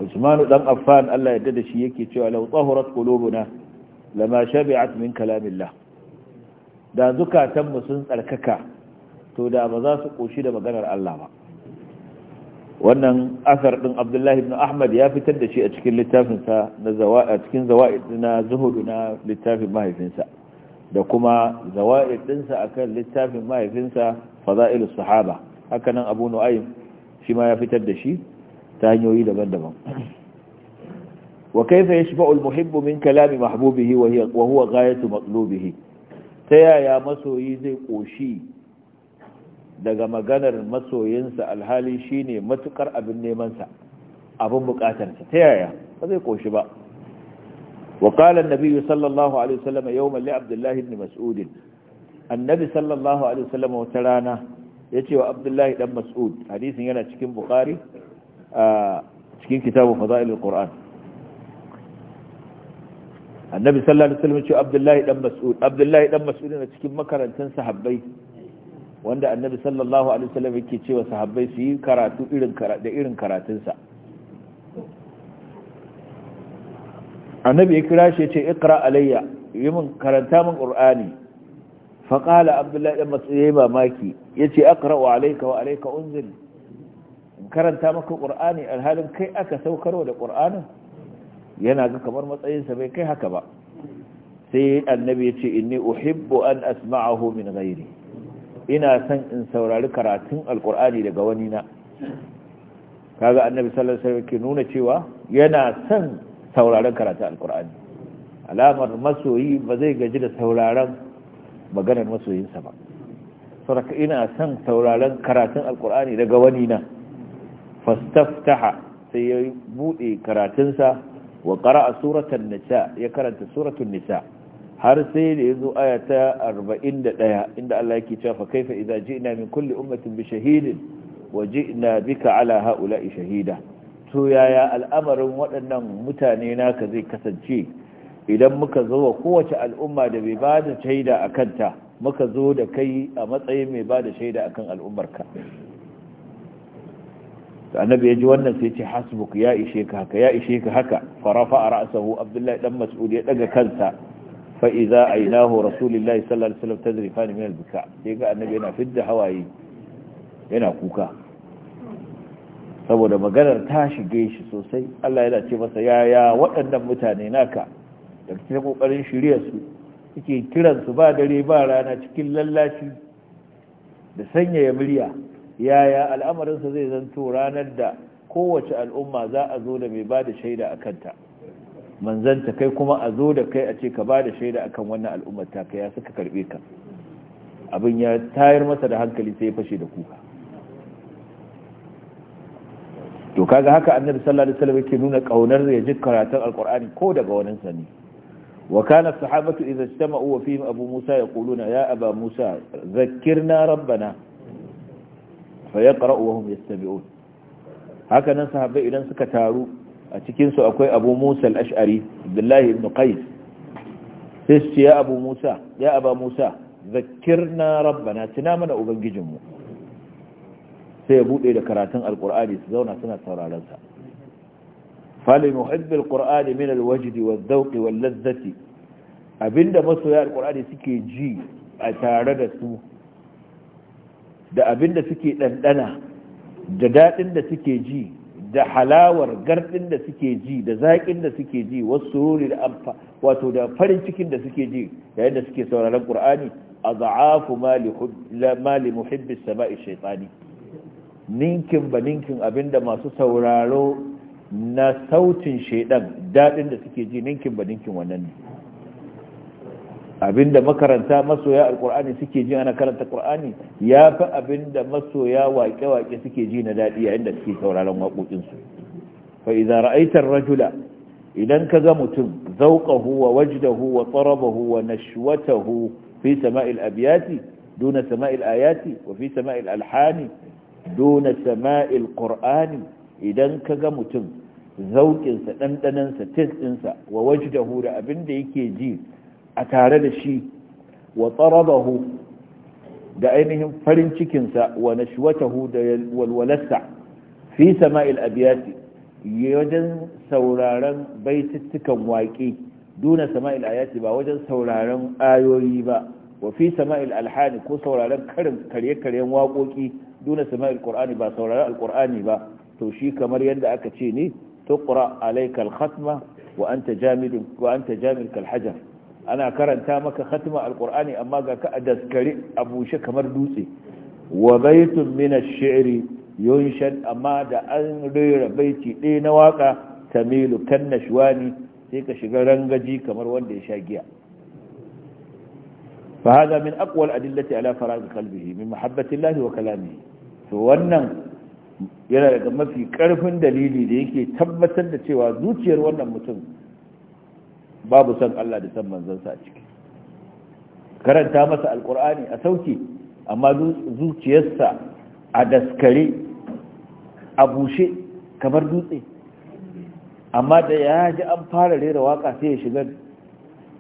usman dan affan Allah ya dada shi yake cewa law tahurat qulubuna lama shabi'at min kalamillah da zukatan mu sun tsarkaka to da ba za su koshi da maganar Allah ba wannan asar ɗin abdullahi ibn ahmad ya fitar da shi a cikin littafinsa na cikin zawa'i na zuhudu na littafin mahaifinsa da kuma zawa'i ɗinsa akan littafin mahaifinsa fada'ilu sahaba haka nan abu nu'aym shi ma ya fitar da shi ta hanyoyi daban-daban wa kaifa yashba'u al-muhibbu min kalami mahbubihi wa huwa ghayatu maqlubihi ta yaya masoyi zai koshi daga maganar masoyinsa alhali shine matukar abin nemansa abin bukatarsa ta yaya ba zai koshi ba وقال Nabiyu صلى الله عليه وسلم يوما لعبد الله بن مسعود النبي صلى الله عليه وسلم وترانا يتي وعبد الله بن مسعود حديث ينا cikin bukhari cikin kitabu fadail alquran annabi sallallahu alaihi wasallam ce abdullahi dan mas'ud abdullahi dan mas'ud ne cikin makarantan sahabbai wanda annabi sallallahu alaihi wasallam yake cewa sahabbai su yi karatu irin da irin karatunsa annabi ya kira shi ya ce iqra alayya yi min karanta min qur'ani fa qala abdullahi dan matsayi mamaki yace aqra'u alayka wa alayka unzil in karanta maka qur'ani alhalin kai aka saukarwa da qur'anin yana ga kamar matsayinsa bai kai haka ba sai annabi ya ce inni uhibbu an asma'ahu min ghairi ina son in saurari karatun alkur'ani daga wani na kaga annabi sallallahu alaihi wasallam ke nuna cewa yana son sauraron karatun alkur'ani alamar masoyi ba zai gaji da sauraron maganar masoyinsa ba saboda ina son sauraron karatun alkur'ani daga wani na fastaftaha sai ya bude karatunsa wa qara'a suratan nisa ya karanta suratul nisa' har sai da ya zo aya ta 41 inda Allah yake cewa fa kaifa idza ji'na min kulli ummatin bi shahidin wa ji'na bika ala ha'ula'i shahida to yaya al'amarin waɗannan mutane naka zai kasance idan muka zo wa kowace al'umma da bai ba da shaida a kanta muka zo da kai a matsayin mai ba da shaida akan al'ummarka annabi ya ji wannan sai ce hasbuk ya ishe ka haka ya ishe ka haka farafa a ra'asahu abdullahi dan mas'ud ya daga kansa fa'iza a yi naho rasulullahi sallallahu alaihi wasallam ta zarifa ne mai buka sai ga annabi yana fidda hawaye yana kuka saboda maganar ta shige shi sosai Allah yana ce masa yaya waɗannan mutane naka da kike kokarin shirya su suke kiransu ba dare ba rana cikin lallashi da sanyaya murya yaya al'amarinsa zai zanto ranar da kowace al'umma za a zo da mai ba da shaida a kanta manzanta kai kuma a zo da kai a ce ka ba da shaida akan wannan al'ummar ta kai ya suka karbe ka abin ya tayar masa da hankali sai ya fashe da kuka to kaga haka annabi sallallahu alaihi wasallam yake nuna kaunar ya ji karatun alqur'ani ko daga wani sani wa kana sahabatu idza ijtama'u wa fihim abu musa yaquluna ya aba musa zakkirna rabbana fayaqra'u wa hum yastabi'un haka nan sahabbai idan suka taru a cikinsu akwai abu musa al'ash'ari abdullahi ibn qais sai ya abu musa ya aba musa zakirna rabbana tuna mana ubangijinmu sai ya buɗe da karatun alƙur'ani su zauna suna sauraron sa muhibbi alƙur'ani min alwajdi wadh-dhawqi wal lazzati abinda masoya alƙur'ani suke ji a tare da su da abinda suke ɗanɗana da daɗin da suke ji da halawar gardin da suke ji da zaƙin da suke ji wasu ruri da amfa wato da farin cikin da suke ji yayin da suke sauraron ƙur'ani a za'afu mali muhibbis sama'i shaitani ninkin ba ninkin abinda masu sauraro na sautin shaidan daɗin da suke ji ninkin ba ninkin wannan ne abinda makaranta masoya alkur'ani suke ji ana karanta qur'ani ya fi abinda masoya waƙe-waƙe suke ji na daɗi yayin da suke sauraron waƙoƙinsu fa idza ra'aita rajula idan ka ga mutum zauqahu wa wajdahu wa tarabahu wa nashwatahu fi sama'il abyati duna sama'il ayati wa fi sama'il alhani duna sama'il qur'ani idan ka ga mutum zauƙinsa ɗanɗanansa ɗinsa wa wajdahu da abin da yake ji a tare da shi wa tsarabahu da ainihin farin cikinsa wa nashwatahu da walwalarsa fi sama'il abiyati wajen sauraron baitittukan waƙi duna sama'il ayati ba wajen sauraron ayoyi ba wa fi sama'il alhani ko sauraron karin karye-karyen waƙoƙi duna sama'il qur'ani ba sauraron alqur'ani ba to shi kamar yadda aka ce ne tuqra alayka alkhatma wa anta jamidun wa anta jamil kalhajar ana karanta maka hatima alkur'ani amma ga ka a daskari a bushe kamar dutse wa baitun min shiri yunshan amma da an rera baiti ɗaya na waka milu, kan nashwani sai ka shiga rangaji kamar wanda ya sha giya فهذا من adillati الأدلة على فراغ قلبه من محبة الله To wannan yana daga mafi karfin dalili da yake tabbatar da cewa zuciyar wannan mutum babu son Allah da san manzansa a ciki karanta masa alkur'ani a sauki amma zuciyarsa a daskare a bushe kamar dutse amma da ya ji an fara rera waka sai ya shiga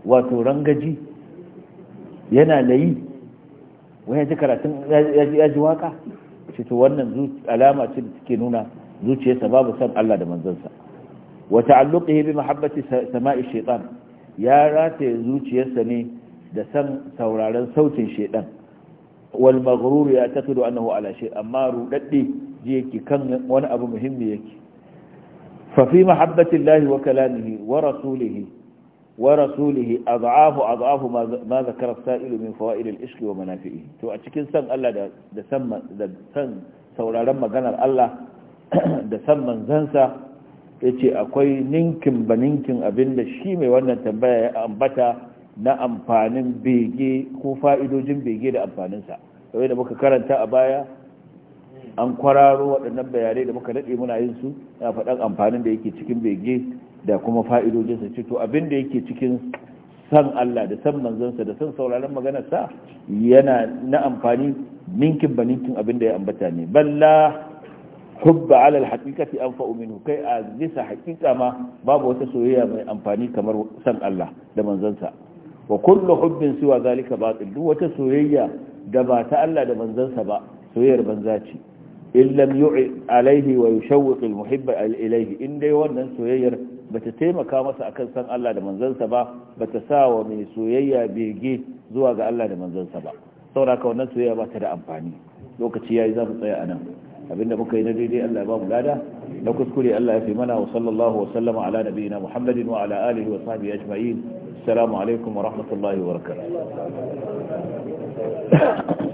wato rangaji yana layi wani ji karatun ya ji waka shi to wannan alama ce da take nuna zuciyarsa babu son Allah da manzansa wa ta'alluqihi bi mahabbati sama'i shaytan ya rataye zuciyarsa ne da san sauraron sautin shaytan wal maghrur ya taqidu annahu ala shay amma rudaddi ji yake kan wani abu muhimmiyaki yake fa fi mahabbati llahi wa kalamihi wa rasulihi wa rasulihi ad'afu ad'afu ma zakara as-sa'ilu min fawaid al-ishq wa manafi'ihi to a cikin san Allah da da san maganar Allah da san manzansa ya ce akwai ninkin ba ninkin abin da shi mai wannan tambaya ya ambata na amfanin bege ko fa'idojin bege da amfaninsa kawai da muka karanta a baya an kwararo waɗannan bayanai da muka daɗe muna yin su na faɗan amfanin da yake cikin bege da kuma fa'idojinsa ce to abin da yake cikin san Allah da san manzansa da san sauraron maganarsa yana na amfani ninkin ba ninkin abin da ya ambata ne balla hubba alal an anfa'u minhu kai a bisa haƙiƙa ma babu wata soyayya mai amfani kamar san Allah da manzansa wa kullu hubbin siwa zalika batil duk wata soyayya da ba ta Allah da manzansa ba soyayyar banza ce in lam yu'i alaihi wa yushawwiq al muhibba ilayhi in dai wannan soyayyar bata taimaka masa akan san Allah da manzansa ba bata sa wa mai soyayya bege zuwa ga Allah da manzansa ba saboda haka wannan soyayya ba ta da amfani lokaci yayi za mu tsaya anan abinda muka yi na daidai Allah ya ba mu lada na kuskure Allah ya fi mana wa sallallahu wa sallama ala nabiyina Muhammadin wa ala alihi wa sahbihi ajma'in assalamu alaikum wa rahmatullahi wa barakatuh